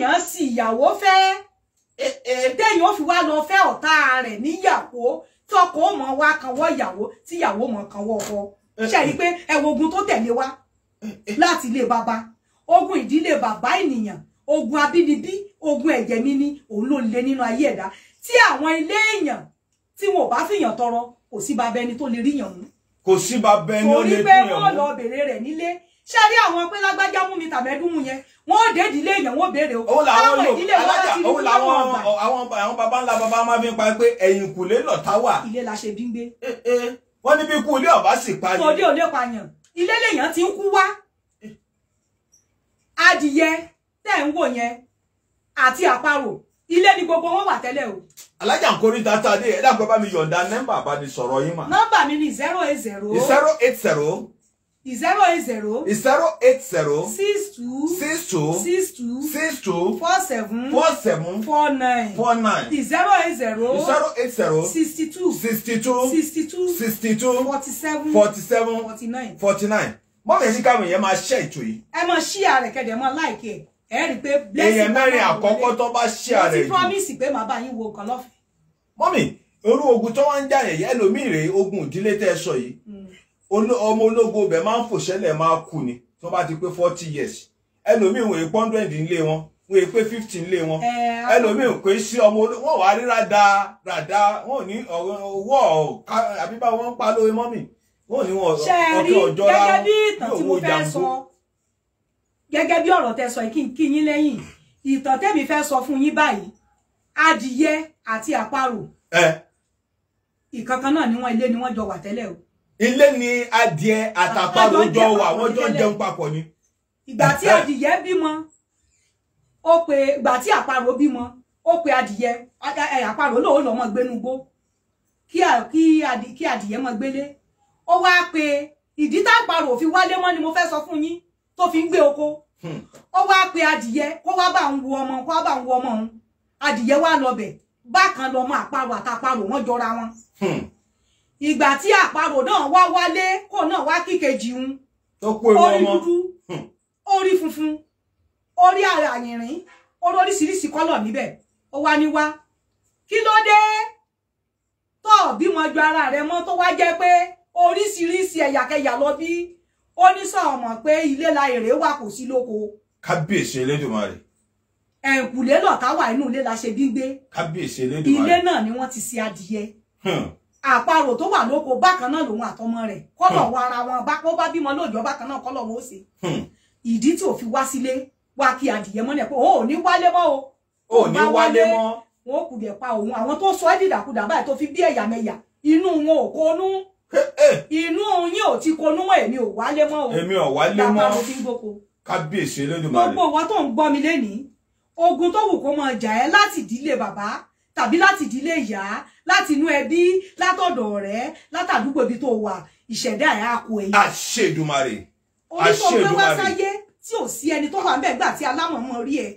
téèyàn sì ìyàwó fẹ́ eh, eh. téèyàn ó fi wá lọ fẹ́ ọ̀tá rẹ̀ níyàwó tọkọ ó mọ wá kanwọ́ ìyàwó tí ìyàwó mọ kanwọ́ ọkọ eh, ṣe rí i pé ẹwọ ogun tó tẹ̀lé wá láti ilé baba ogun ìdílé bàbá ènìyàn ogun abínibí ogun ẹ̀jẹ̀ níní òun ló lé nínú ayé ẹ̀dá tí àwọn ilé èèyàn tí wọn ò bá fìyàn tọrọ kò sí babẹni tó lè ríyàn mú kò sí babẹni ó lè ríyàn mú torí pé wọn lọ bèrè rẹ̀ nílé ṣe rí àwọn pé lágbájá mú mi tàbẹ́dún mu yẹn wọ́n ò dédìí lé èèyàn wọ́n béèrè o. owó làwọn lò alájà owó làwọn àwọn àwọn baba ńlá baba máa fi ń pa pé ẹ̀yìn kùlé lọ̀tá wà. ilé la ṣe bí ń gbé. Eh, eh. wọ́n ní bí ikú ilé ọ̀bá sì pààyàn. tòde ò lè pààyàn ilé lèèyàn ti ń kú wá. Eh. adìyẹ tẹ̀ ń wò yẹn àti àparò ilé ni gbogbo wọn wà tẹ́lẹ̀ o. alájà ń kórìí dáadáa dé ẹ̀dá gbọ́ bá mi yọ̀ǹda nọ́mbà àbánisọ̀rọ̀ yín mà. nọ́mbà mi ni zero eight zero. zero eight zero zero eight zero. zero eight zero. six two. six two. six two. six two. four seven. four seven. four nine. four nine. zero eight zero. zero eight zero. sixty two. sixty two. sixty two. sixty two. forty seven. forty seven. forty nine. forty nine. mọ́tẹ̀ sí káwọn èèyàn máa ṣẹ́ ètò yìí. ẹ máa ṣí ààrẹ kẹ̀dẹ̀ máa láìkí ẹ̀ ẹ rí i pé blessing bá wà lórí. èèyàn mẹ́rin àkọ́kọ́ tó bá ṣí ààrẹ yìí. mo ti promise pé màá bá yín wo nǹkan lọ́fẹ̀ẹ́. mọ́mì orú ogun tó wá ń jà yẹ̀yẹ́ ẹlòmíì rèé ogun ìdílé tẹ́ ẹ sọ yìí hmm ọmọ ológun ibẹ̀ máa ń fòṣẹ́lẹ̀ máa kú ni tí wọ́n bá ti pé forty years ẹlòmíì wòye pọ́ndrẹ́ǹdì ńlé wọn wòye pé fifty ńlé wọn ẹlòmíì pé sí ọmọ wọn wà á rí rada rada wọn ò ní owó ọ̀ka àbí bá wọn ń pa lórí mọ́mì wọn ò ní wọn ọjọ́ ọjọ́ rárá yóò wo jàǹkó. gẹ́gẹ́ bí ọ̀rọ̀ tẹ sọ kí n kí yín lẹ́yìn ìtàn tẹ́mi fẹ́ sọ fún yín báyìí adìyẹ àti àparò ìkankan náà ni wọ́n ilé ni wọ́n jọ wà tẹ́lẹ̀ o ilé ni adìẹ àtàparò jọ wà wọ́n jọ jẹun papọ̀ ni. ìgbà tí adìyẹ bímọ ó pe ìgbà tí àparò bímọ ó pe adìyẹ àparò lòun lọ́mọ gbénugbó kí adìyẹ mọ gbélé ó wá pe ìdí táparò òfin wálé mọ́ ni mo fẹ́ sọ fún yín tó fi ń gbé oko hmm. ó wá pe adìyẹ kó wá bá ń wo ọmọ kó wá bá ń wo ọmọ òun adìyẹ wá lọ bẹ̀ bákan lọmọ àparò àtàparò wọ́n jọra wọn. Hmm ìgbà tí àparò náà wá wálé kó náà wá kíkejì ń orí dúdú hmm. orí funfun orí àyìnrín orí oríṣiríṣi kọ́lọ̀ níbẹ̀ ó wá ní wá kí ló dé tó bímọ ju ara rẹ mọ́ tó wá jẹ́ pé oríṣiríṣi ẹ̀yàkẹyà lọ bí ó ní sọ ọmọ pé ilé la èrè wà kò sí lóko. kábíyèsí elédùnmarè. ẹ̀ǹkùlé lọ̀ká wà inú ilé la ṣe bí kábíyèsí elédùnmarè. ilé náà ni wọ́n ti ṣe adìyẹ. Hmm àparò tó wà lóko bákan náà lòun àtọmọ rẹ̀ kọlọ hmm. wọn ara wọn bá kó bá bímọ lóòjọ́ bákan náà kọlọ wọn ó ṣe hmm. ìdí tí ò fi wá sílé wá kí adìyẹ mọ́lẹ̀ pé ó ní wálé mọ́ o ò ní wálé mọ́ wọn ò kùdẹ̀ pa òun àwọn tó sọ ẹ́ dìdàkudà báyìí tó fi bí ẹ̀yà mẹ́yà inú wọn ò konú inú yín ò ti konú mọ́ èmi ò wálé mọ́ o èmi ò wálé mọ́ bàbá mo fi ń gboko kábíyèsí Elédùmarè gbogbo wọn tó ń gbọ́ mi lénìí ogun tó wù kó máa jà ẹ́ láti ìdílé láti inú ẹbí látọ̀dọ̀ ọ̀rẹ́ látàdúgbò ibi tó wà ìṣẹ̀dá ẹ̀ á kó ẹ̀yìn. àṣèdùmarè àṣèdùmarè orí tó gbé wá sáyé tí ò sí ẹni tó wà ń bẹ̀ gbà tí alámọ̀mọ́ rí ẹ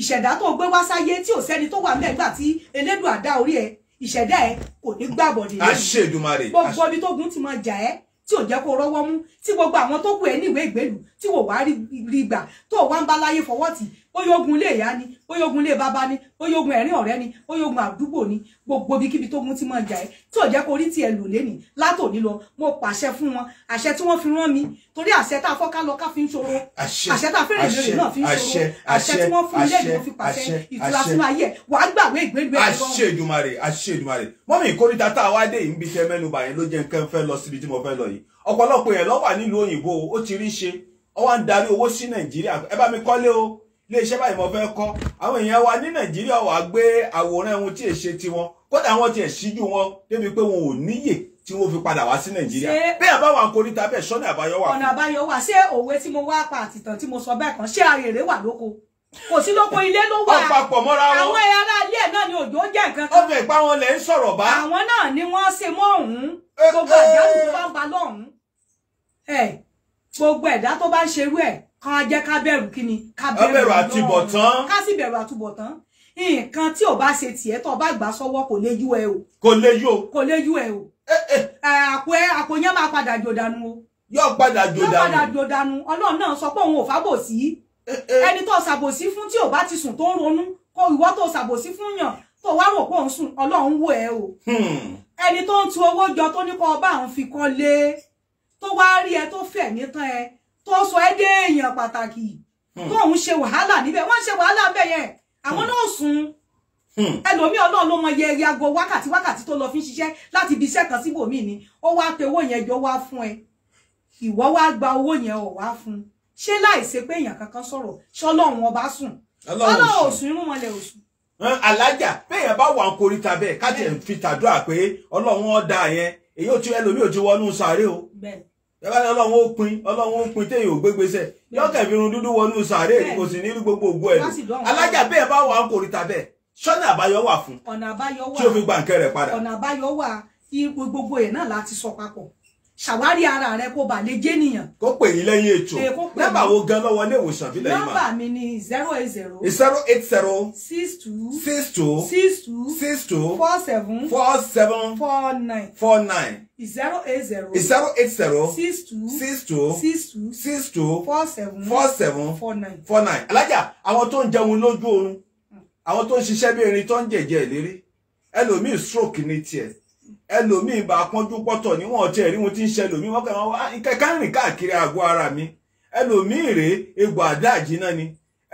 ìṣẹ̀dá tó gbé wá sáyé tí ò sẹ́ni tó wà ń bẹ̀ gbà tí elédùn àdá orí ẹ ìṣẹ̀dá ẹ kò ní gbàbọ̀ dé lẹ́yìn àṣèdùmarè gbogbo ibi tó gún ti máa jà ẹ́ tí ò jẹ́ kó rọ́wọ́ mú tí gbogbo àwọn tó kù ẹ níwèé ìgbèlú tí wò wá rí gbà tó wá ń bá láyé fọwọ́ tì bóyá ogun ilé ìyá ni bóyá ogun ilé bàbá ni bóyá ogun ẹ̀rín ọ̀rẹ́ ni bóyá ogun àdúgbò ni gbogbo ibikíbi tó gun ti máa jà ẹ́ tí ò jẹ́ kó orí tiẹ̀ lò lénìí látòní lọ mo pàṣẹ fún wọn àṣẹ tí wọ́n fi rán mi torí àṣẹ tá a fọ́ ká lọ ká fi ń ṣòro àṣẹ tá a fẹ́rẹ̀ lórí náà fi ń ṣòro àṣẹ tí wọ́n fún ilé ìlú fi pàṣẹ ìtura sínú ayé wàá gbàgbé ìgbéǹgbé ẹ̀ lọ. àṣẹ Èdùmàrè àṣẹ Èdùmàrè mọ́mí ìkórìtà tá a wá dé ìbí tẹ mẹ́nubà yẹn ló jẹ́ nǹkan fẹ́ lọ síbi iléeṣẹ́ báyìí mo fẹ́ kọ́ àwọn èèyàn wa ní nàìjíríà wàá gbé àwòrán ohun tí è ṣe tiwọn kódà àwọn tiẹ̀ síjú wọn débi pé wọn ò níyè tí wọ́n fi padà wá sí nàìjíríà bẹ́ẹ̀ bá wà ń koríta bẹ́ẹ̀ sọ́nà àbáyọ wà. ọ̀nà àbáyọ wà ṣé òwe tí mo wá pa àtìtàn tí mo sọ bẹ́ẹ̀ kan ṣé arèrè wà lóko kò sí lóko ilé ló wà ọ̀pàpọ̀ mọ́ra wọn àwọn ará ilé náà ni òjò jẹ́ nǹkan kan. ọbẹ̀ ìpa wọn lẹ̀ ń sọ̀rọ̀ bá. àwọn náà ni wọ́n ṣe mọ́ ọ̀hún eh, eh. eh, gbogbo ẹ̀dá tó bá ń ba lọ́hún gbogbo ẹ̀dá tó bá ń ṣerú ẹ̀ ká jẹ́ ká bẹ̀rù kí ni ká bẹ̀rù àtúbọ̀tán ká sì bẹ̀rù àtúbọ̀tán nǹkan tí ò bá ṣe tiẹ̀ tó bá gbà sọ́wọ́ kò lè yú ẹ o kò lè yú o kò lè yú ẹ o eh, eh. àpò ẹ àpò yẹn máa padà jòdànù o yóò padà jòdànù yóò padà jòdànù ọlọ́run náà sọ pé òun ò fábòsí eh, ẹni tó ṣàbòsí fún tí ò bá ti sùn tó ń ronú kó ìwọ tó ṣàbòsí fún yàn tó wá rò pé òun sùn ọlọ́run wò ẹ o hmm. ẹni tó ń tu owó jọ tó ní kó bá òun fi kọ́ lé tó wá rí ẹ tó fẹ̀mí tán ẹ tó sọ ẹ́ dé èèyàn pàtàkì hmm. tó ń ṣe wàhálà níbẹ̀ wọ́n ń ṣe wàhálà bẹ́ẹ̀ yẹn àwọn hmm. náà sùn hmm. ẹlòmíì ọlọ́run ló mọ yẹ yago wákàtí wákàtí tó lọ fi ń ṣiṣẹ́ láti ibi iṣẹ́ kan síbòmíì ni ó wá pe owó yẹn jọ wá fún ẹ ìwọ wá gba owó yẹn ò wá fún ṣé láìsí pé èèyàn kankan sọ̀rọ̀ ṣọlọ́run ọba sùn ọlọ́run ò sùn irú mọ́lẹ̀ ò sùn alájà bẹ́ẹ̀ bá wà ń koríta bẹ́ẹ̀ ká tiẹ̀ fi tàdúrà pé ọlọ́run ọ̀dà yẹn èyí ò tí ẹlòmíì ò ti wọnú sàárè o. bẹ́ẹ̀ bẹ́ẹ̀ ni ọlọ́run ó pin ọlọ́run ó pin téèyàn ò gbégbèsè yọkẹ́ fi irun dúdú wọnú sàárè kò sì ní gbogbo ògbó ẹ̀ alájà bẹ́ẹ̀ bá wà ń kórìíta bẹ́ẹ̀ sọ́nà àbáyọ wà fún tí ó fi gba nǹkan rẹ̀ padà. ọ̀nà àbáyọ wà gbogbo ẹ̀ náà láti sọ papọ̀ ṣàwárí ara rẹ kó bà lè jẹ́ nìyàn. kó pè yín lẹ́yìn ètò nọ́mbà wo gan lọ́wọ́ ilé ìwòsàn bí lẹ́yìn máa. nọ́mbà mi ni zero eight zero. zero eight zero. six two. six two. six two. six two. four seven. four seven. four nine. four nine zero eight zero. zero eight zero. six two. six two. six two. six two. four seven. four seven. four nine. four nine. alájà àwọn tó ń jẹun lójú oorun hmm. àwọn tó ń ṣiṣẹ́ bí erin tó ń jẹ̀jẹ̀ ìlérí ẹlòmíì stroke ní tiẹ̀ ẹlòmíì bá pọ́njú pọ́tọ̀ níwọ̀n tiẹ̀ rí wọn ti ń ṣe ẹlòmíì wọ́n kàn wá ah, kẹ́kẹ́ rìn káàkiri àgọ́ ara mi ẹlòmíì rèé egbò àdáàjì náà ni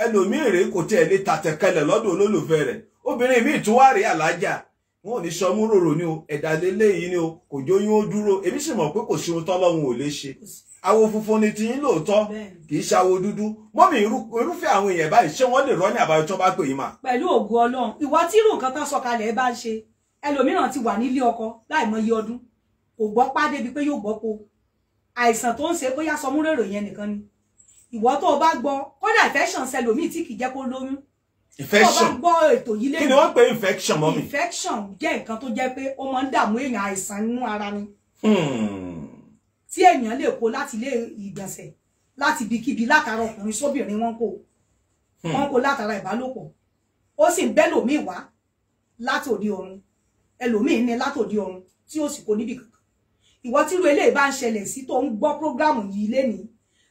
ẹlòmíì rèé kò tiẹ̀ lè tàtẹ̀kẹlẹ̀ lọ́dọ̀ olólùfẹ́ rẹ̀ obìnrin míì tún wá rèé alájà wọn ò ní sọ ròrò ni o ẹ̀dá lélẹ́yìí ni o kò jóyún ó dúró èmi sì mọ̀ pé kò sí ohun tọ́lọ́run ò lè ṣe àwo funfun ni ti yín lóòótọ́ kì í ṣàwo dúdú mọ́mí irúfẹ́ àwọn èèyàn báyìí ṣé wọ́n lè rọ́ ní àbáyọ tí wọ́n bá pè yín mà. pẹ̀lú ògùn ọlọ́run ìwọ tí irú nǹkan tán sọ̀kalẹ̀ ẹ bá ń ṣe ẹlòmíràn ti wà nílé ọkọ láì mọye ọdún kò gbọ́ pá débi pé yóò gbọ́ po àìsàn tó ń ṣe bóyá sọmúrèrò yẹn nìkan ni ìwọ tó o bá gbọ́ kódà ìfẹ́ ṣàn ṣẹlòmíì tí kì í jẹ́ kó lóyún infection tó bá gbọ́ ètò yìí lè kí ni wọ́n pè infection mọ́mì infection jẹ́ nǹkan tó jẹ́ pé ó máa ń dààmú èèyàn àìsàn nínú ara ni hmm. tí èèyàn lè kó láti ilé ìgbọ̀nsẹ̀ láti ibikíbi látara ọkùnrin sóbìnrin wọn kò hmm. wọn kò látara ìbálòpọ̀ ó sì ń bẹ́ lòmíì wá látòdì ọ̀run ẹlòmíì ní látòdì ọ̀run tí ó sì kó níbì kankan ìwọ tíru eléyìí bá ń ṣẹlẹ̀ sí tó ń gbọ́ prógráàmù yìí lénìí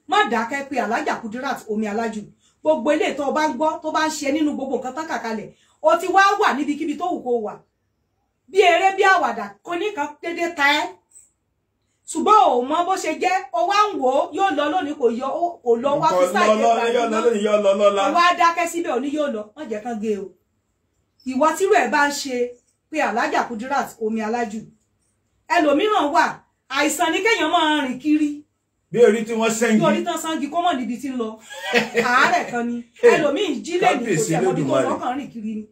má dákẹ́ pé alájà Kudirat omi alájù gbogbo eléyìí tó bá ń gbọ́ tó bá ń ṣe nínú gbogbo nǹkan tán kàkalẹ̀ o ti wá wà níbikíbi tó wù kó wà bí eré bí àwàdà kò ní kan dédé ta ẹ́ ṣùgbọ́n ò mọ bó ṣe jẹ́ o wá ń wò ó yóò lọ lónìí kò yọ ó lọ wá fún sáà ìjẹta lọ wá dákẹ́ síbẹ̀ òní yóò lọ wọ́n jẹ́ kán gé o ìwọ tírú ẹ̀ bá ń ṣe pé alájà Kudirat omi alájù ẹlòmíràn wà àìsàn ni kéèyàn máa rìn kiri bí orí tí wọ́n sẹ́yìn. bí orí tán sangi kó mọ̀ níbi tí ń lọ àárẹ̀ kan ni ẹlòmíín jí lè ní kò tẹ̀wọ́ bí tó lọ́kàn rìn kiri ni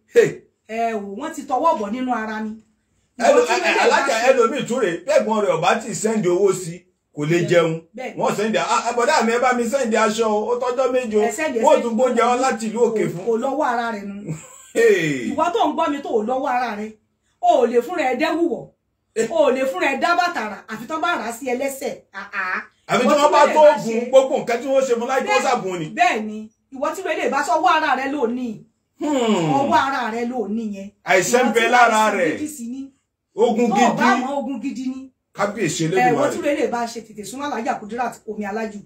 ẹ̀wò wọ́n ti tọwọ́ bọ̀ nínú ara ni. alájà ẹlòmíín tún rè bẹ́ẹ̀gbọ́n rẹ̀ ọ̀bá tí sẹ́ndì owó sí kò lè jẹun wọ́n sẹ́ndì àbọ̀dá ah, ah, mi ẹ bá mi sẹ́ndì aṣọ ó tọ́jọ́ méje wọ́n tún gbóúnjẹ wọn láti ìlú òkè fún. kò lọ́wọ́ ara rẹ̀ nu ìwọ tó ń gbọ́ mi tó lọ́wọ́ ara rẹ̀ o ò lè fúnra ẹ dẹ́wùwọ̀ o ò lè fúnra ẹ dábàtàrà àfi tó bá rà á sí ẹlẹ́sẹ̀ àá àbí tí wọ́n bá tó gùn gbogbo nǹkan tí wọ́n ṣe mú láì tó ṣàgùn ni. bẹ́ẹ̀ ni ìwọ tí wẹ́lẹ̀ bá sọ ọwọ́ ara rẹ ló ní hmm. ọwọ́ ara rẹ ló ní yẹn. àìsàn ń bẹ lára rẹ̀ ogun gidi. ọba àwọn ogun gidi ni. kábíyèsí elédùnmarè. ẹ̀wọ̀n tí wẹ́lẹ̀ bá ṣe tètè súnmọ́ alájà Kudirat omi alájù.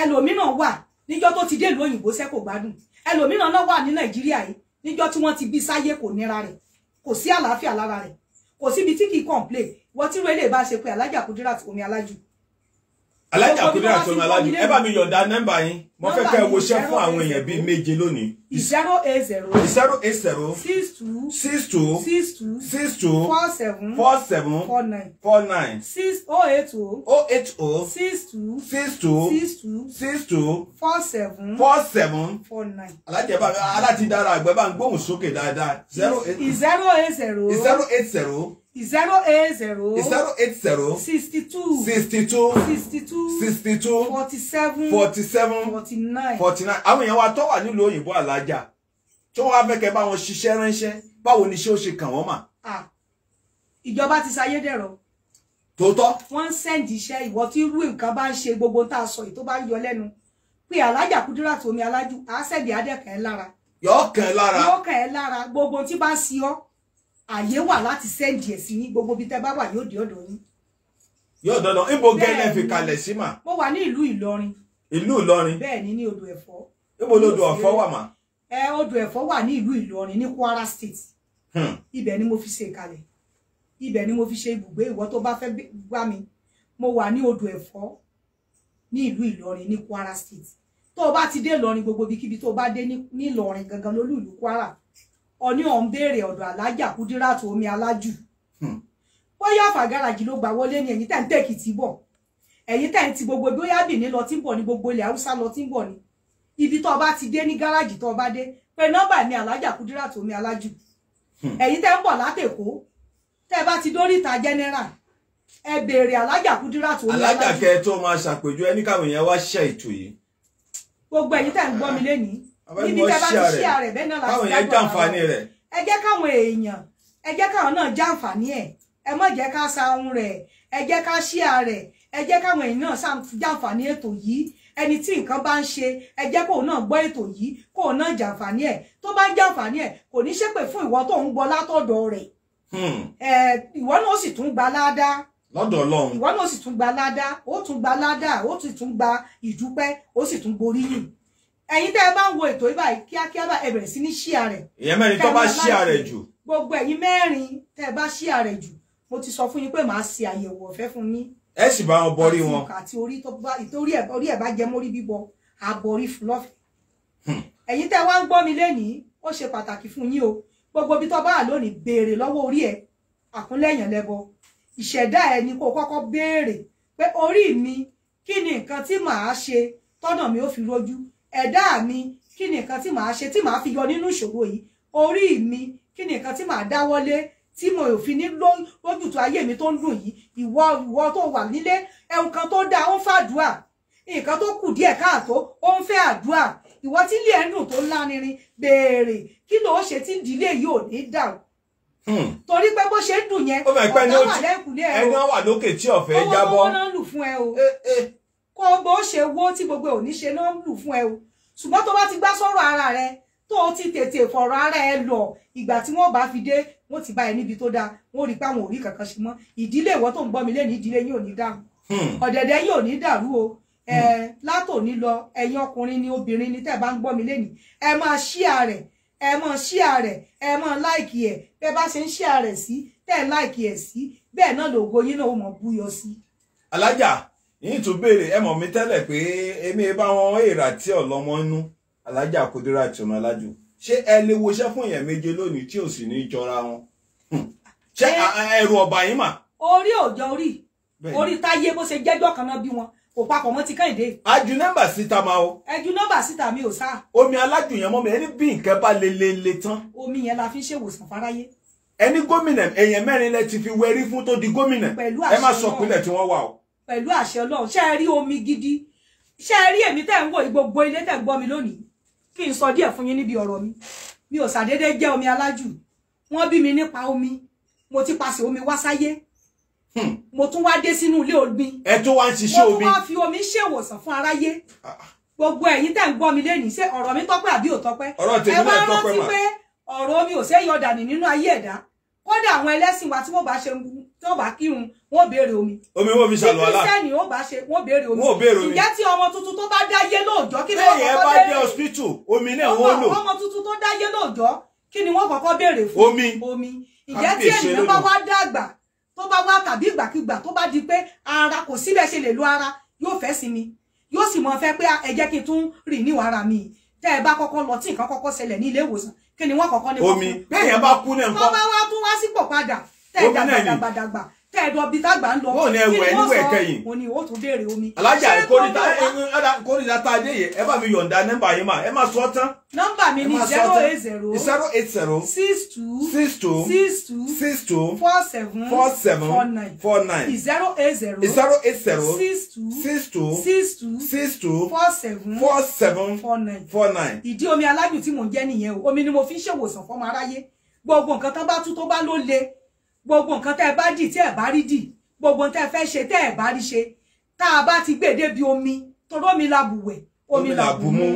ẹlòmíràn wà níjọ́ tó ti dé ìlú òyìnbó sẹ́ kò gbádùn ẹlòmíràn náà wà ní Nàìjíríà yìí níjọ́ tí wọ́n ti bí sáyé kò nira rẹ̀ kò sí àlàáfíà lára rẹ̀ kò síbi tí kì í complain wọ́n tí wẹ́lẹ̀ bá ṣe pé alájà Kudirat omi alájù aláìjà kúndé àti ọmọ alájú ẹ bá mi yọ̀ǹda nọ́mbà yín mo fẹ́ kẹ́ ẹ wọṣẹ́ fún àwọn èèyàn bíi méje lónìí. zero eight zero. zero eight zero. six two. six two. six two. six two. four seven. four seven. four nine. four nine. six oh eight oh. oh eight oh. six two. six two. six two. six two. four seven. four seven. four nine. alájà bá aláti dára àgbẹ̀ bá ń gbóhùn sókè dáadáa. zero eight. zero eight zero. zero eight zero zero eight zero. zero eight zero. sixty two. sixty two. sixty two. sixty two. forty seven. forty seven. forty nine. forty nine. àwọn èèyàn wa tó wà nílùú òyìnbó alájà tó wàá fẹ́ kẹ́ bá wọn ṣiṣẹ́ ránṣẹ́ báwo ni ṣé ó ṣe kàn wọ́n mà. ìjọba ti ṣayédèrò. tòótọ́. wọ́n ń sẹ́ǹdì iṣẹ́ ìwọ tí irú nǹkan bá ń ṣe gbogbo tá a sọ yìí tó bá ń yọ lẹ́nu pé alájà Kudirat Omialaju á sẹ́ǹdì adẹ́kẹ̀ẹ́ lára. yọ̀ọ́ kàn ẹ́ lára. yọ̀ọ́ kàn ẹ́ lára gbogbo tí bá ń si ọ́ àyè wà láti sẹ́ǹdì ẹ̀ sí yín gbogbo ibi tẹ́ bá wà yóò di ọ̀dọ̀ yín. yóò dọ̀nà ibo gẹ́lẹ́ fi kalẹ̀ sí mà. mo wà ní ìlú Ìlọrin. ìlú Ìlọrin. bẹ́ẹ̀ ni ní odò ẹ̀fọ́. ibo lodò ẹ̀fọ́ wà mà. ẹ odò ẹ̀fọ́ wà ní ìlú Ìlọrin ní Kwara State. Hmm. ibẹ̀ ni mo fi ṣe ìkalẹ̀ ibẹ̀ ni mo fi ṣe ibùgbé ìwọ tó bá fẹ́ gbá mi mo wà ní odò ẹ̀fọ́ ní ìlú Ìlọrin ní Kwara State tó o bá ti dé Ìlọrin gbogbo ibikíbi tó o bá dé ní Ìlọrin gangan lólú ìlú Kwara ọní ọ̀hún béèrè ọ̀dọ̀ alájà Kúdírátù omi alájù hmm. bóyá fàgàràjì ló gbà wọlé ni ẹ̀yin tẹ̀ ń tẹ̀kì tí bọ̀ ẹ̀yin tẹ̀ ń ti gbogbo bóyá bìíní lọ tí ń bọ̀ ní gbogbo ilẹ̀ haúsá lọ tí ń bọ̀ ní ibi tó bá ti dé ní gáràjì tó bá dé pé nọ́mbà mi alájà Kúdírátù omi alájù hmm. ẹ̀yin tẹ̀ ń bọ̀ látẹ̀kọ́ tẹ́ bá ti dórí ìta general ẹ béèrè alájà Kúdírátù omi alájù alájà kẹ tó máa ṣàpèjọ ẹni káwọn èèyàn wá ṣiṣẹ́ ètò yìí gbogbo ẹ̀yin tẹ̀ ń gbọ́ mi lénìí níbi tẹ́ bá ti ṣíà rẹ̀ bẹ́ẹ̀ náà láti dágbà wọn. káwọn yẹn jàǹfààní rẹ̀. ẹ jẹ́ káwọn èèyàn ẹ jẹ́ káwọn náà jàǹfààní ẹ̀ ẹ má jẹ́ ká sa ohun rẹ̀ ẹ jẹ́ ká ṣíà rẹ̀ ẹ jẹ́ káwọn èèyàn náà jàǹfààní ètò yìí ẹni tí nǹkan bá ń ṣe ẹ jẹ́ kóun náà gbọ́ ètò yìí kóun náà jàǹfààní ẹ̀ tó bá ń jàǹfààní ẹ̀ kò ní ṣépè fún ìwọ tó ń gbọ́ látọ̀dọ̀ rẹ̀ hmm. ìwọ náà ó sì tún gba ládàá lọ́dọ̀ Ọlọ́run ìwọ náà ó sì tún gba ládàá ó tún gba ládàá ó sì tún gba ìdúpẹ́ ó sì tún gboríyìn ẹ̀yin tẹ́ ẹ bá ń wo ètò yìí báyìí kíákíá bá ẹ bẹ̀rẹ̀ sí ní ṣíà rẹ̀. ìyẹn mẹ́rin tó bá ṣíà rẹ̀ jù. gbogbo ẹ̀yin mẹ́rin tẹ́ ẹ bá ṣíà rẹ̀ jù mo ti sọ fún yín pé màá ṣe àyẹ̀wò ọ̀fẹ́ fún yín. ẹ sì bá wọn bọrí wọn. àti orí tó bá ìtorí ẹ orí ẹ bá jẹ mórí bíbọ àbọrí fún lọ́fẹ̀ẹ́. Hmm. ẹ̀yin tẹ́ wá ń gbọ́ mi lénìí ó ṣe pàtàkì fún yín o gbogbo ibi tó bá wà lónìí béèrè lọ́wọ́ orí ẹ àkúnlẹ̀yàn lẹ́bọ ìṣẹ̀dá ẹ ni kó kọ́kọ́ béèrè pé orí mi kí ni nǹkan tí màá ṣe tọ́nà mi ó fi rojú ẹ̀dá mi kí ni nǹkan tí màá ṣe tí màá fi yọ nínú ìṣòro yìí orí mi kí ni nǹkan tí màá dáwọ́lé tí mo ò fi ní lójútu ayé mi tó ń dùn yìí ìwọ ìwọ tó wà nílé ẹ̀hún kan tó dáa ó ń fàdúà nǹkan tó kù díẹ̀ káàtó ó ń fẹ́ àdúà ìwọ tí ilé ẹ̀ ń dùn tó lánirin béèrè kí ló ṣe tí ìdílé yìí ò ní dàrú hmm. torí pé bó ṣe ń dùn yẹn ọ̀gá wà lẹ́kùnlé ẹ̀ o ẹni wà lókè tí ọ̀fẹ́ jábọ́ owó ló ń lù fún ẹ o. Eh, eh kó bó ṣe wó tí gbogbo òní ṣe náà ń lù fún ẹ o ṣùgbọ́n tó bá ti gbá sọ̀rọ̀ ara rẹ tó o ti tètè fọ̀rọ̀ ara ẹ lọ ìgbà tí wọ́n bá fi dé wọ́n ti bá ẹ níbi tó dáa wọ́n rí i pé àwọn òrí kankan ṣe mọ́ ìdílé ìwọ tó ń gbọ́ mi lé ní ìdílé yín ní dàrú hmm. ọ̀dẹ̀dẹ̀ yín ní dàrú o hmm. látòní lọ ẹ̀yin ọkùnrin ni obìnrin ni tẹ́ bá ń gbọ́ mi lénìí ẹ máa ṣíà rẹ̀ ẹ máa ṣíà rẹ̀ ẹ máa láìkì ẹ̀ bẹ́ bá ṣe ń ṣíà rẹ̀ sí tẹ́ láìkì ẹ̀ sí bẹ́ẹ̀ náà lògo yín náà ó mọ̀ búyọ sí. alájà yìí tún béèrè ẹ mọ̀ mi tẹ́lẹ̀ pé èmi bá wọn èrà tí ọ̀lọ́mọ nú alájà kúdírà tí ọmọ alájù ṣé ẹ lè woṣẹ́ fún èèyàn méje lónìí tí ò sì ní jọra wọn ṣé ẹrù ọba yín mà. orí òòjọ́ orí orí táyé bó ṣe jẹ́jọ́ kan náà bí wọn kò papọ̀ mọ́ ti kẹ́hìndé. a ju nọ́mbà síta ma o. ẹ ju nọ́mbà síta mi ò sá. omi alájù yẹn mọ́ mi ẹni bí nǹkan bá le le le tán. omi yẹn la fi ń ṣèwòsàn fáráyé ẹni gómìnà èèyàn mẹ́rin lẹ ti fi wẹrí fún tó di gómìnà ẹ má sọ pínlẹ̀ tí wọ́n wà o pẹ̀lú àṣẹ ọlọ́run ṣé ẹ rí omi gidi ṣé ẹ rí èmi tẹ́ ń wò gbogbo ilé tẹ́ ń gbọ́ mi lónìí kí n sọ díẹ̀ fún yín níbi ọ̀rọ̀ mi mi ò ṣàdédé jẹ́ omi alájù wọ́n bí mi nípa omi mo ti pasẹ̀ omi wá sáyé hmm. mo tún wá dé sínú ilé ogbin ẹ tó wá ń ṣiṣẹ́ omi mo tún wá fi omi ṣèwòsàn fún aráyé ah. gbogbo ẹ̀yin tẹ́ ń gbọ́ mi lẹ́nìí ṣé ọ̀rọ̀ mi tọ́pẹ́ àbí ò tọ́pẹ́ ẹ wá rántí pé ọ̀rọ̀ omi ò ṣe é yọ dànù nínú ayé ẹ̀dá kódà àwọn ẹlẹ́sìn wa tí wọ́n bá ṣe tí wọ́n bá kírun wọ́n béèrè omi omi wọ́n fi ṣàlùwà láà kírísítẹ́nì wọ́n bá ṣe wọ́n béèrè omi wọ́n béèrè omi ǹjẹ́ tí ọmọ tuntun tó bá dáyé lóòjọ́ kí ni wọ́n kọ́kọ́ béèrè bẹ́ẹ̀ yẹn bá dé hospital omi náà wọ́n lò ọmọ tuntun tó dáyé lóòjọ́ kí ni wọ́n kọ́kọ́ béèrè fún omi omi ǹjẹ́ tí ènìyàn bá wá dàgbà tó bá wá tàbí ìgbàkigbà tó bá di pé ara kò síbẹ̀ ṣe lè lo ara yóò fẹ́ sinmi yóò sì mọ̀ fẹ́ pé ah, ẹ jẹ́ kí n tún rìn níwàá mi tẹ́ ẹ bá kọ́kọ́ lọ tí nǹkan kọ́kọ́ ṣẹlẹ̀ ní ilé ìwòsàn kí ni wọ́n kọ̀ọ̀kan ní wọ́n fún omi bẹ́ẹ̀ yẹn bá kú náà nǹkan tó bá wá tún wá sípò padà tẹ̀ tẹ́ẹ̀dọ̀ bíi tágbà ń lọ. wọ́n ní ẹwẹ́ nínú ẹ̀kẹ́ o tún béèrè omi. alájà ìkórìíta ẹ̀rọ ìkórìíta tá a dé yẹ ẹ bá mi yọ̀ǹda nọ́mbà yìí mà ẹ má sọ tán. nọ́mbà mi ni zero eight zero. zero eight zero. six two. six two. six two. six two. four seven. four seven. four nine. four nine. zero eight zero. zero eight zero. six two. six two. six two. six two. four seven. four seven. four nine. four nine. ìdí omi alájù tí mò ń jẹ́ nìyẹn o omi ni mo fi ń ṣèwòsàn fọmọ aráyé gbogbo nǹkan tán bá tú tó bá ló le gbogbo nǹkan tẹ́ ẹ bá dì tí ẹ bá rí dì gbogbo nǹkan tẹ́ ẹ fẹ́ ṣe tẹ́ ẹ bá rí ṣe tá a bá ti gbèdé e bi omi toró mi la bùwẹ̀ omi la bù mu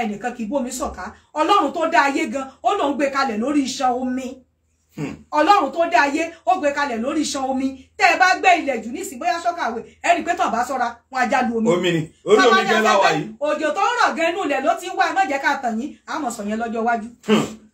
ẹnìkan kì í bómi sọ̀ká ọlọ́run tó dá ayé gan ó lòún gbé kalẹ̀ lórí iṣan omi hmm. ọlọ́run tó dá ayé ó gbé kalẹ̀ lórí iṣan omi tẹ́ ẹ bá gbé ilẹ̀ jù ní ìsìn bóyá sọ́kàwé ẹni pé tàn bá sọ́ra wọn ajá lu omi omi ni orí omi jẹ́ láwa yìí òjò tó ń rọ̀ gan inú ilẹ̀ ló ti ń wá má jẹ́ ká tàn yín àmọ̀ sọ̀yẹn lọ́jọ́ iwájú.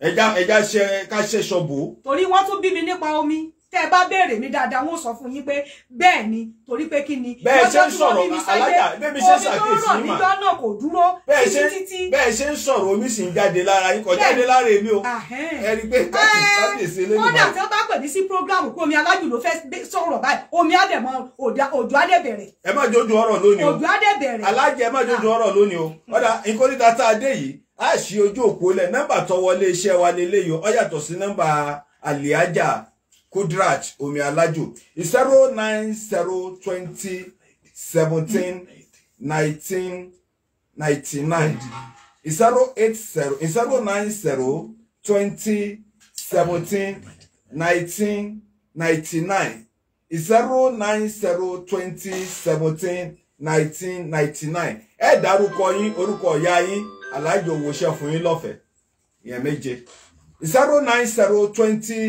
ẹja hmm. ẹja ṣe ká ṣe ṣọ̀bù. torí wọ́n tún bí mi nípa omi tẹ́ bá béèrè mi dáadáa wọ́n sọ fún yín pé bẹ́ẹ̀ ni torí pé kí ni bẹ́ẹ̀ ṣe ń sọ̀rọ̀ alájà bẹ́ẹ̀ ṣe ń ṣàkíyèsí mà nígbà náà kò dúró títí títí bẹ́ẹ̀ ṣe ń sọ̀rọ̀ omi sì ń jáde lára yín kò jáde lára èmi o ẹ rí i pé kábíyèsí lẹ́nu mọ́. kódà tí wọ́n bá pè mí sí prógráàmù pé omi alájù ló fẹ́ sọ̀rọ̀ báyìí omi àdẹ̀mọ òjò adé bẹ̀rẹ̀. ẹ má jojú ọ̀rọ̀ lónìí o òjò adé bẹ̀rẹ̀. alájà ẹ má ah. jojú ọ̀rọ̀ lónìí o kódà ìkórìtà tá a dé yìí a ṣí ojú òpó lẹ̀ nọ́mbà tọwọlé iṣẹ́ wa lélẹ́yìn ó yàtọ̀ sí nọ́mbà àlìájà Kudrat Omialaju. It's 09020 nine zero twenty seventeen nineteen it's nine 20 eight zero 99. nine zero twenty seventeen nineteen ninety nine nine zero twenty seventeen ẹ dárúkọ yín orúkọ ìyá yín alájọ òwòṣẹ fún yín lọ́fẹ̀ẹ́ ìyẹn méje zero nine zero twenty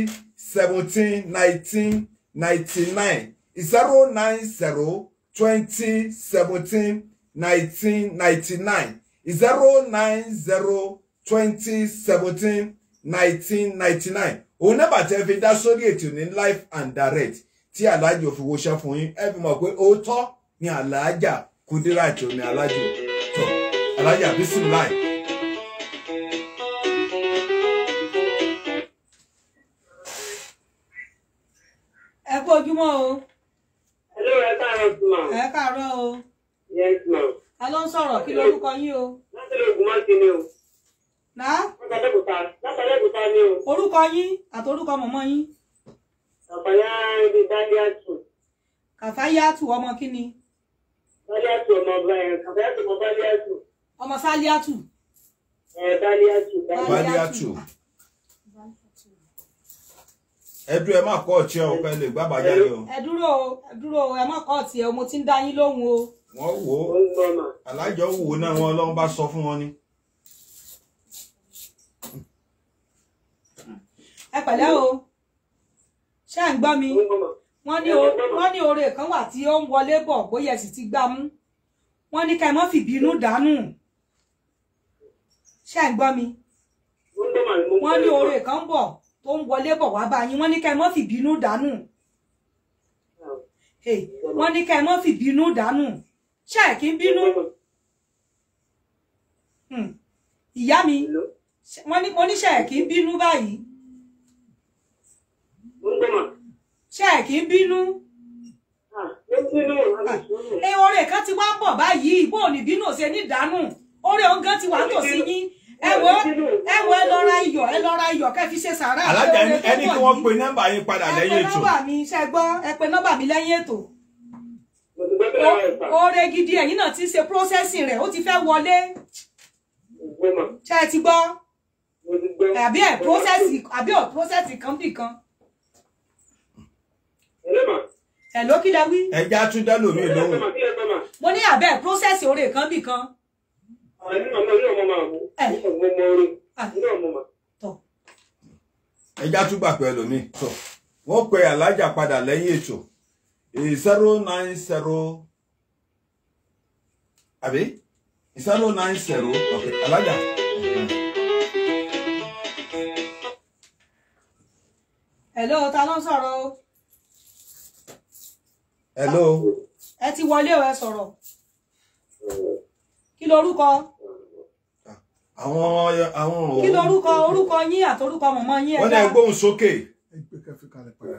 seventeen nineteen ninety nine zero nine zero twenty seventeen nineteen ninety nine zero nine zero twenty seventeen nineteen ninety nine òun nẹ́bà tẹ́ fi dá sórí ètò ní live and direct tí aláàjì òfin wọṣẹ́ fún yín ẹ fi mọ̀ pé òótọ́ ni aláàjà Kudirat ni aláàjì tó aláàjà bísí láì. sọ̀rọ̀ kí lórúkọ yín o. látàlẹ́ ògùn máa ń sinmi o. nà. látàlẹ́ kò ta látàlẹ́ kò ta ni o. orúkọ yín àti orúkọ mọ̀mọ́ yín. kàfáyà ibi dáníàtù. kàfáyàtù ọmọ kí ni. dáníàtù ọmọ eh, kàfáyàtù ọmọ dáníàtù. ọmọ sáliàtù. ẹ dáníàtù. dáníàtù. ẹ dúró ẹ má kọ́ ọ̀tí ẹ o pẹ́ lè gbá bàjẹ́ yìí o. ẹ dúró ẹ dúró ẹ má kọ́ ọ̀tí ẹ o mo ti ń dá yín lóhùn o wọ́n wò ó alájọ wò ó náà wọ́n ọlọ́run bá sọ fún wọn ni. ẹ pẹ̀lẹ́ o ṣé à ń gbọ́ mi wọ́n ní oore kan wà tí ó ń wọlé bọ̀ bóyá sì ti gbá mú wọ́n ní ká ẹ má fìbínú dànù ṣé à ń gbọ́ mi wọ́n ní oore kan bọ̀ tó ń wọlé bọ̀ wá bá yín wọ́n ní ká ẹ má fìbínú dànù wọ́n ní ká ẹ má fìbínú dànù ṣé ẹ kí n bínú hmm. ìyá mi wọ́n ní ṣé ẹ kí n bínú báyìí ṣé ẹ kí n bínú ẹ ah, eh, oore kan ti wá bọ̀ báyìí bó ní bínú ṣe ní ìdánù oore ọ̀gán ti wà tòsí yín ẹwọ ẹwọ ẹ lọ ra iyọ̀ ẹ lọ ra iyọ̀ kẹ́ fi ṣe sàárà. alájà ẹni tí wọ́n pe nọ́mbà yín padà lẹ́yìn ètò ẹ pe nọ́mbà mi ṣe ẹ pe nọ́mbà mi lẹ́yìn ètò oore gidi ẹ̀yin na ti se processing rẹ̀ ó ti fẹ́ wọlé ṣe é ti gbọ́ àbí ẹ̀ processing àbí o processing kan bì kan. ẹ̀ ló kí lẹ wí. ẹja tún dá lómi lóhùn. mo ní àbẹ́ process oore kan bì kan. ẹja tún gbà pẹ́ lómi wọ́n pe alájà padà lẹ́yìn ètò zero nine zero abi zero nine zero okay alaja. hello ta ló ń sọ̀rọ̀ o. hello. ẹ ti wọlé o ẹ sọ̀rọ̀ kí lorúkọ. àwọn àwọn òun. kí lorúkọ orúkọ yín àtorúkọ mọ̀mọ́ yín ẹ̀dá. wọ́n ní ẹgbóhùn sókè. ẹ gbé kẹfí kalẹ̀ padà.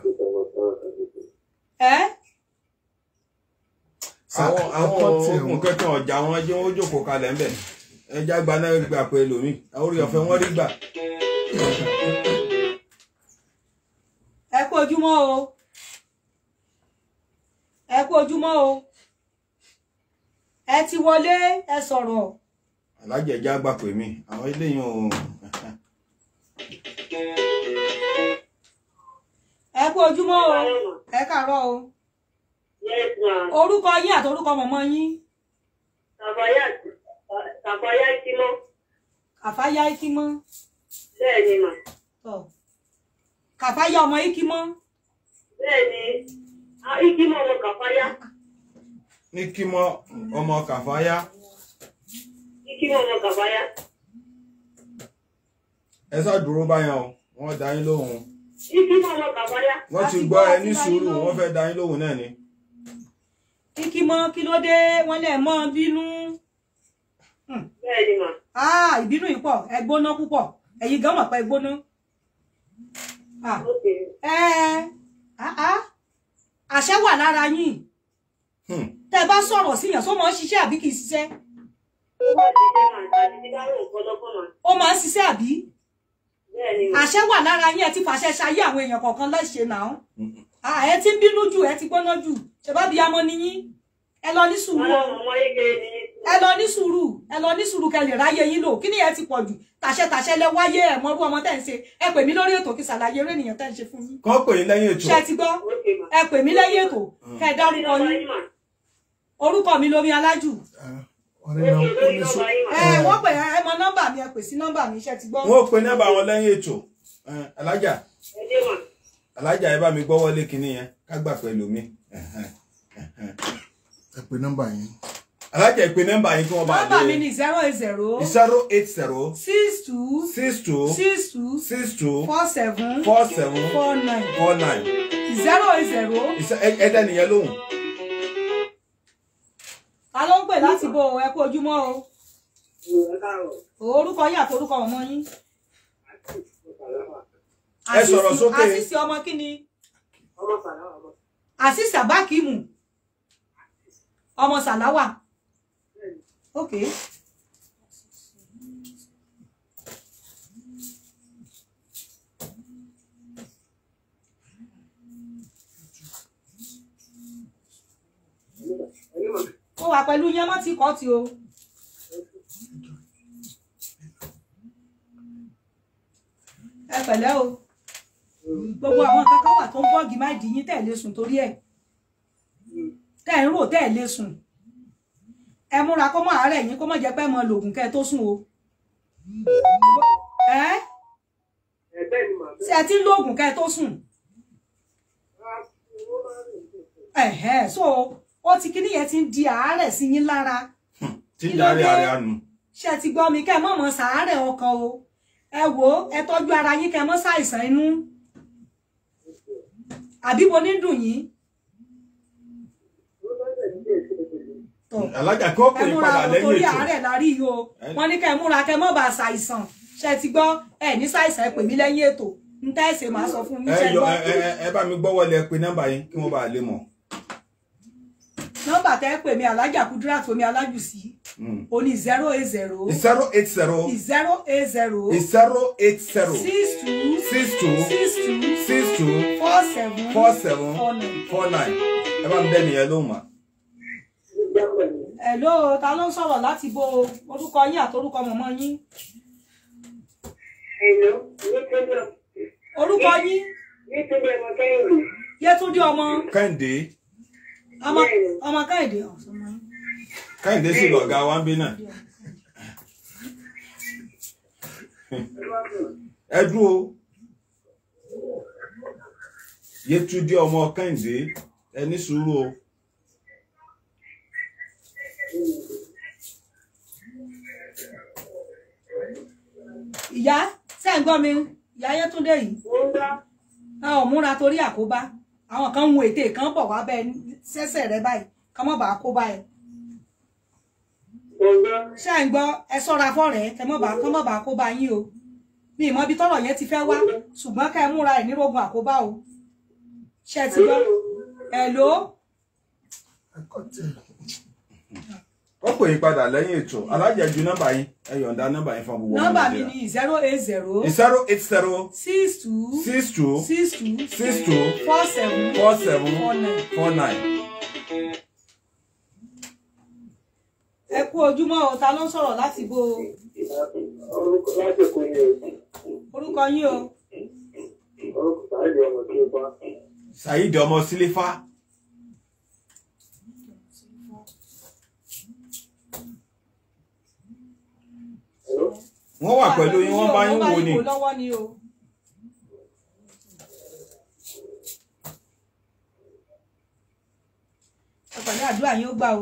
ẹ àwọn àwọn oògùn kankan ọjà wọn jẹ́ wọ́n jókòó kalẹ̀ ńbẹ̀ ẹja gba náà gbà pé lómi orí ọ̀fẹ́ wọn rí gbà. ẹ kú ojúmọ́ o ẹ kú ojúmọ́ o ẹ ti wọlé ẹ sọ̀rọ̀. alájẹjá gbà pé mi àwọn eléyìí ò. ẹ kú ojúmọ́ o ẹ kàárọ̀ o orúkọ yín àti orúkọ mọ̀mọ́ yín. kàfáyá ìtìmọ́. kàfáyá ìtìmọ́. bẹ́ẹ̀ ni mà. kàfáyá ọmọ ìkímọ́. bẹ́ẹ̀ ni ìkímọ́ ọmọ kàfáyá. ìkímọ́ ọmọ kàfáyá. ìkímọ́ ọmọ kàfáyá. ẹ sá dúró báyẹn o wọ́n dá yín lóhùn. ìkímọ́ ọmọ kàfáyá. wọ́n ti gbọ́ ẹ ní sùúrù wọ́n fẹ́ dá yín lóhùn náà ni mọ́ kí ló dé wọ́n lẹ̀ mọ́ bínú. Hmm. bẹ́ẹ̀ ni mà. Ah, ìbínú yìí pọ̀ ẹ gbóná púpọ̀ ẹ̀yin gan mọ̀ pé ẹ gbóná. Ah. Ah, àṣẹ wà lára yín hmm. tẹ bá sọ̀rọ̀ síyàn só máa ń ṣiṣẹ́ àbí kì í ṣiṣẹ́. ó máa ń ṣiṣẹ́ àbí. àṣẹ wà lára yín ẹ ti fàṣẹ ṣayé àwọn èèyàn kọ̀ọ̀kan láṣẹ náà hmm. ẹ ti ń bínú jù ẹ ti gbóná jù ṣe bá bí amọ nìyí ẹ lọ ní sùúrù ẹ lọ ní sùúrù ẹ lọ ní sùúrù kẹ́ lè ráyè yín lò kí ni ẹ ti pọ̀ jù tàṣẹtàṣẹ lẹ wáyé ẹ mọrú ọmọ tẹ́ ń ṣe ẹ pè mí lórí ètò kí ṣàlàyé eré ènìyàn tẹ́ ń ṣe fún yín. kọ́ pè yín lẹ́yìn ètò. ṣe ti gbọ́ ẹ pè mí lẹ́yìn ètò mm. kẹ́ dárúkọ yín orúkọ mi lómi alájù ẹ eh, eh, wọ́n pè ẹ mọ nọ́mbà mi ẹ pè sí nọ́mbà mi iṣẹ́ ti gbọ́. wọ́n pe nọ́mbà wọn lẹ́yìn ètò eh, alájà alájà ẹ bá mi gbọ́wọ́ lé kinní yẹn ká gbà pẹ̀lú mi ẹ pè nọ́mbà yín. alájà ẹ pè nọ́mbà yín kí wọ́n bá lè. nọ́mbà mi ni zero eight zero. zero eight zero. six two. six two. six two. six two. four seven. four seven. four nine. four nine. zero eight zero. ẹ̀ẹ́dẹ́ nìyẹn lóhùn. ta ló ń pè láti bo ẹ kú ojúmọ́ o. orúkọ yín àti orúkọ ọmọ yín. ẹ sọ̀rọ̀ sókè. àṣìṣe ọmọ kí ni. àṣìṣe àbá kìí mú ọmọ sàláwà ok ó wà pẹ̀lú yẹn mọ́ ti kọ́ o. ẹ pẹ̀lẹ́ o gbogbo àwọn kankan wà tó ń bọ́ọ̀gì má dìyín tẹ̀lé sùn torí ẹ̀ tẹ́ ń rò tẹ́ lè sùn ẹ múra kó mọ àárẹ̀ yín kó mọ jẹ́ pé mọ lògùn kẹ́ tó sùn o. ẹ ẹ ti ń lògùn kẹ́ tó sùn. ẹ̀hẹ́ so ó ti kíní yẹn ti ń di àárẹ̀ sí yín lára. Hmm, tí darí àárẹ̀ àánú. ṣe ti gbọ́ mi kẹ́ ẹ mọ̀ mọ̀ sàárẹ̀ o ẹ wò ẹ tọ́jú ara yín kẹ́ ẹ ṣàìsàn inú àbí bo ní dùn yín. alájà kí wọ́n pè é padà lẹ́yìn ètò. ẹ múra torí àárẹ̀ la rí yìí o wọ́n ní kẹ́ ẹ múra kẹ́ mọ́ bá a ṣàìsàn ṣe ti gbọ́ ẹ ní ṣàìsàn ẹ pè mí lẹ́yìn ètò n tẹ́ ẹ̀sẹ̀ máa sọ fún mi ṣe gbọ́. ẹ bá mi gbọ́wọ́ lẹ pé nọ́mbà yín kí wọ́n bá a lè mọ̀. nọ́mbà tẹ́ pè mí alájà kúdúrà tó mi alájù sí hmm. o ní zero eight zero. zero eight zero. zero eight zero. zero eight zero. six two. six two. six two. six two. four seven. four seven. four nine. ẹ bá mi dẹ́nu yẹn lóhùn mọ́ hello ta ló ń sọ̀rọ̀ láti bo orúkọ yín àtorúkọ mọ̀mọ́ yín. hello yétúndé. orúkọ yín. yétúndé ọmọ kẹ́hìndé. yétúndé ọmọ. kẹ́hìndé. ọmọ ọmọ kẹ́hìndé. kẹ́hìndé sì lọ̀gá wa ń bí náà. ẹ dúró yétúndé ọmọ kẹ́hìndé ẹ ní sùúrù o ìyá ṣe ń gbọ́ mi ìyá Yétúndé yìí a ò múra torí àkóbá àwọn kan ń wo ète kan bọ̀ wá bẹ́ẹ̀ sẹ́sẹ̀ rẹ báyìí kan mọ̀ bá kó báyìí ṣe ń gbọ́ ẹ sọ́ra fọ́rẹ̀ẹ́ kẹ mọ̀ mọ̀ bá kó bá yín o mi ìmọ̀ ibi tọ́rọ̀ yẹn ti fẹ́ wá ṣùgbọ́n ká ẹ múra ẹ̀ nírógun àkóbá o ṣe ti gbọ́ ẹ̀ ló ó pè yín padà lẹ́yìn ètò alájẹjú nọ́mbà yín ẹ yọ̀ǹda nọ́mbà yín fún gbogbo nọ́mbà mi ni zero eight zero zero eight zero six two six two six two six two four seven four seven four nine. ẹ kú ojúmọ́ o ta ló ń sọ̀rọ̀ láti bo. orúkọ láti èkó ni o. orúkọ yín o. orúkọ sáyidì ọmọ sílífà. sáyidì ọmọ sílífà. wọ́n wà pẹ̀lú yín wọ́n bá yín wò ni. ọ̀pọ̀lọpọ̀ àdúrà yín ó gbà o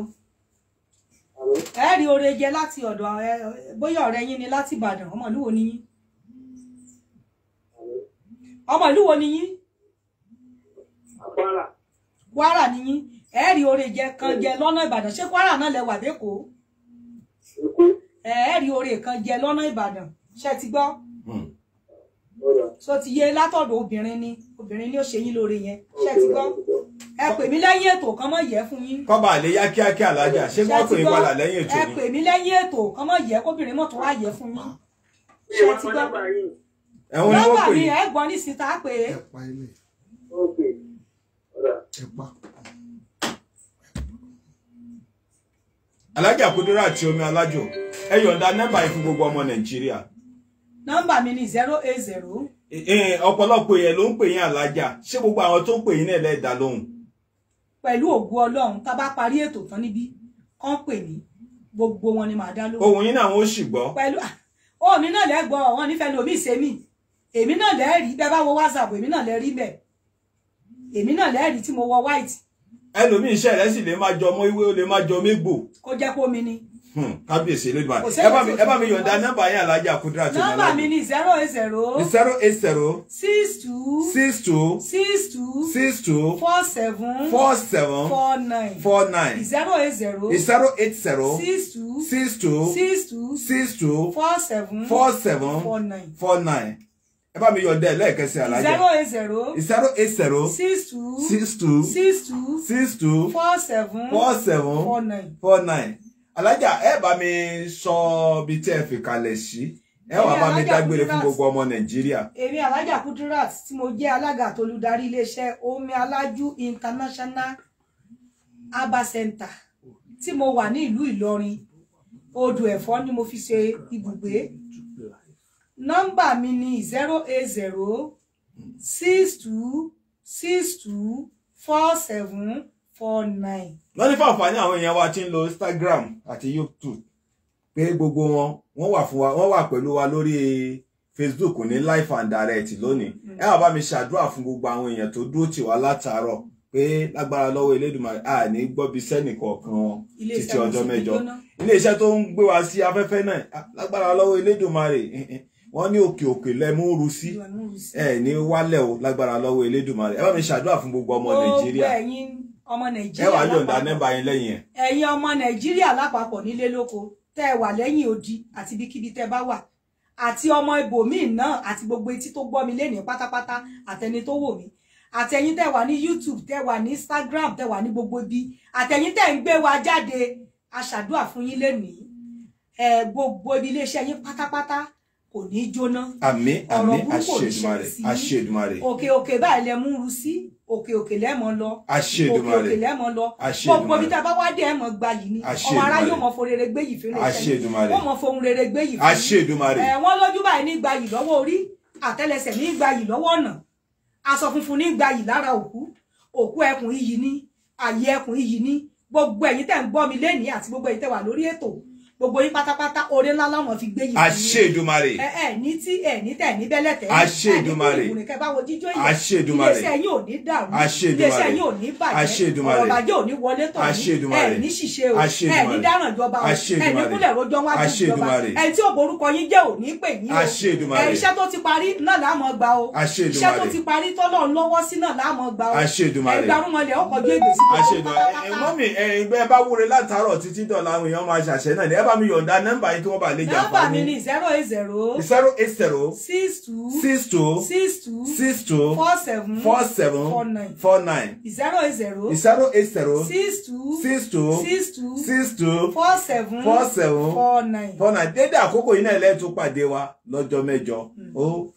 ẹ rí oore jẹ láti ọ̀dọ̀ bóyá ọ̀rẹ́ yín ni láti Ìbàdàn ọmọ ìlú wo ni yín ọmọ ìlú wo ni yín Kwara ni yín ẹ rí oore jẹ kan jẹ lọ́nà Ìbàdàn ṣé Kwara náà lẹ wà lẹ́kọ̀ọ́. ẹ̀ẹ́rì oore kan jẹ lọ́nà ìbàdàn ṣe ti gbọ́ hmm. so ti yé látọ̀dọ̀ obìnrin ni obìnrin ni ó ṣe yín lóore yẹn ṣe ti gbọ́ ẹ pè mí lẹ́yìn ètò kan mọ̀ yẹ fún yín. kọ́ba àlè yá kíákíá alájà ṣé wọ́n pè é padà lẹ́yìn ètò ni. ẹ pè mí lẹ́yìn ètò kan mọ̀ yẹ kóbìnrin mọ̀ tó wá yẹ fún yín. ṣe ti gbọ́ ẹ̀wọ̀n ni wọ́n pè é. ẹ gbọ́ ní síta pé. ẹ pa ilé ẹ pa. alájà kúndúrà àti omi alájò ẹ yọ̀ǹda nọ́mbà yìí fún gbogbo ọmọ nàìjíríà. nọ́mbà mi ni zero eight zero. ọ̀pọ̀lọpọ̀ èèyàn ló ń pè yín alájà ṣé gbogbo àwọn tó ń pè yín náà lẹ́ẹ̀dá lóhùn. pẹ̀lú ògùn ọlọ́run tá a bá parí ètò tán níbí kán pè mí gbogbo wọn ni màá dá lóhùn. ohun yín náà wọn sì gbọ́. pẹ̀lú ohun mi náà lẹ́gbọ́ wọn nífẹ̀ẹ́ lomi ìsẹ́mi èmi náà lẹ́ẹ̀rí bẹ́ẹ̀ bá wo whatsapp èmi náà lẹ́ẹ̀rí bẹ́ẹ̀ èmi náà white ẹlòmíì iṣẹ́ rẹ̀ sì lè máa jọ ọmọ ìwé ó lè máa jọ mégbò. kó jẹ́ kó mi ni kábíyèsí elédùnmá ẹ bá mi ẹ bá mi yọ̀ǹda nọ́mbà yẹn alájà kúndúrà tó yẹn lágbo. nọ́mbà mi ni zero eight zero. zero eight zero. six two. six two. six two. six two. four seven. four seven. four nine. four nine. zero eight zero. zero eight zero. six two. six two. six two. six two. four seven. four seven. four nine. four nine ẹ bá mi yọ ọdẹ lẹ́ẹ̀kẹsẹ̀ alájà zero eight zero zero eight zero six two six two six two six two four seven four seven four nine four nine alájà ẹ bá mi sọ bí tí ẹ fi kalẹ̀ sí ẹ wàá bá mi dágbére fún gbogbo ọmọ nàìjíríà. èmi alájà kudirat tí mo jẹ́ alága àtolúdarí iléeṣẹ́ omi alájú international herbal center tí mo wà ní ìlú ìlọrin odò ẹ̀fọ́ ni mo fi ṣe ibùgbé nọ́mbà mi ni zero eight zero six two six two four seven four nine. lọ́ní fún àǹfààní àwọn èèyàn wa tí ń lo Instagram àti YouTube pé gbogbo wọn wọ́n wà fún wa wọ́n wà pẹ̀lú wa lórí Facebook ní live and direct lónìí hmm. ẹ wá bá mi ṣàdúrà fún gbogbo àwọn èèyàn tó dúró tì wá látàárọ̀ pé lágbára lọ́wọ́ Elédùmarè à ní gbọ́bi sẹ́nìkọ̀ọ̀kan títí ọjọ́ mẹ́jọ iléeṣẹ́ tó ń gbé wa sí afẹ́fẹ́ náà lágbára lọ́wọ́ Elédùmarè wọ́n ní òkè òkè lẹ́múru sí ẹ̀ ní wálẹ̀ o lágbára lọ́wọ́ Elédùmarè ẹ bá mi ṣàdúrà fún gbogbo ọmọ Nàìjíríà. gbogbo ẹ̀yin ọmọ nàìjíríà lápapọ̀ ẹ wàá yọ̀ǹda nẹ́mbà yín lẹ́yìn ẹ̀ ẹ̀yin ọmọ nàìjíríà lápapọ̀ nílé lóko tẹ́ ẹ wà lẹ́yìn odi àti ibikíbi tẹ́ bá wà àti ọmọ ibòmíì náà àti gbogbo etí tó gbọ́ mi lénìí pátápátá àtẹni tó wò mí àtẹ̀yin tẹ́ wà ní youtube tẹ́ wà ní instagram tẹ́ wà ní gbogbo ibi àtẹ̀yin tẹ́ ń gbé wa jáde aṣàdúà fún yín lénìí ẹ gbogbo ibi iléeṣẹ́ yín pátápátá kò ní jóná àmín àmín àṣẹ Èdùmàrè àṣẹ Èdùmàrè òkè òkè báyìí lẹ múru sí òkè òkè lẹ́mọ̀ lọ òkè òkè lẹ́mọ̀ lọ gbogbo ibi tá a bá wá dé ẹ̀mọ̀ gba yìí ni ọmọ ará yóò mọ̀ fo rere gbé yìí fínú iṣẹ́ wọ́n mọ̀ fohun rere gbé yìí fínú ẹ̀ wọ́n lójú báyìí ní gba yìí lọ́wọ́ orí àtẹ́lẹsẹ̀ ní gba yìí lọ́wọ́ ọ̀nà aṣọ funfun ní gba yìí lára òkú òkú ẹkùn iyì ní àyè ẹkùn iyì ní gbogbo ẹ̀yin tẹ́ ń gbọ́ mi lénìí àti gbogbo ẹ̀yin tẹ́ wà lórí ètò gbogbo yín pátápátá oore ńlá láwọn fi gbé yìí. àṣẹ Èdùmàrè. ẹ ẹ ní tí ẹ ní tẹ ní bẹlẹ tẹ. àṣẹ Èdùmàrè. ẹ ní kò báwo jíjó yìí. àṣẹ Èdùmàrè. iléeṣẹ́ yín ò ní dàrú. àṣẹ Èdùmàrè. iléeṣẹ́ yín ò ní bàjẹ́. àṣẹ Èdùmàrè. ọ̀rọ̀ bàjẹ́ ò ní wọlé tọ̀ ní. àṣẹ Èdùmàrè. ẹ ní ṣìṣe o. àṣẹ Èdùmàrè. ẹ ní dáràn ìjọba o. àṣẹ Èdùmàrè. ẹ ní kúlẹ̀ rojọ́ wájú ìjọba. ẹ tí ò borúkọ yín jẹ́ bá mi yọ̀ǹda nọ́mbà yìí kí wọ́n bá lè jà fún mi. nọ́mbà mi ni zero eight zero. zero eight zero. six two. six two. six two. six two. four seven. four seven. four nine. four nine. zero eight zero. zero eight zero. six two. six two. six two. six two. four seven. four seven. four nine. four nine. dédé àkókò yìí náà lẹ́ẹ̀tún pàdé wa lọ́jọ́ mẹ́jọ. Hmm. ó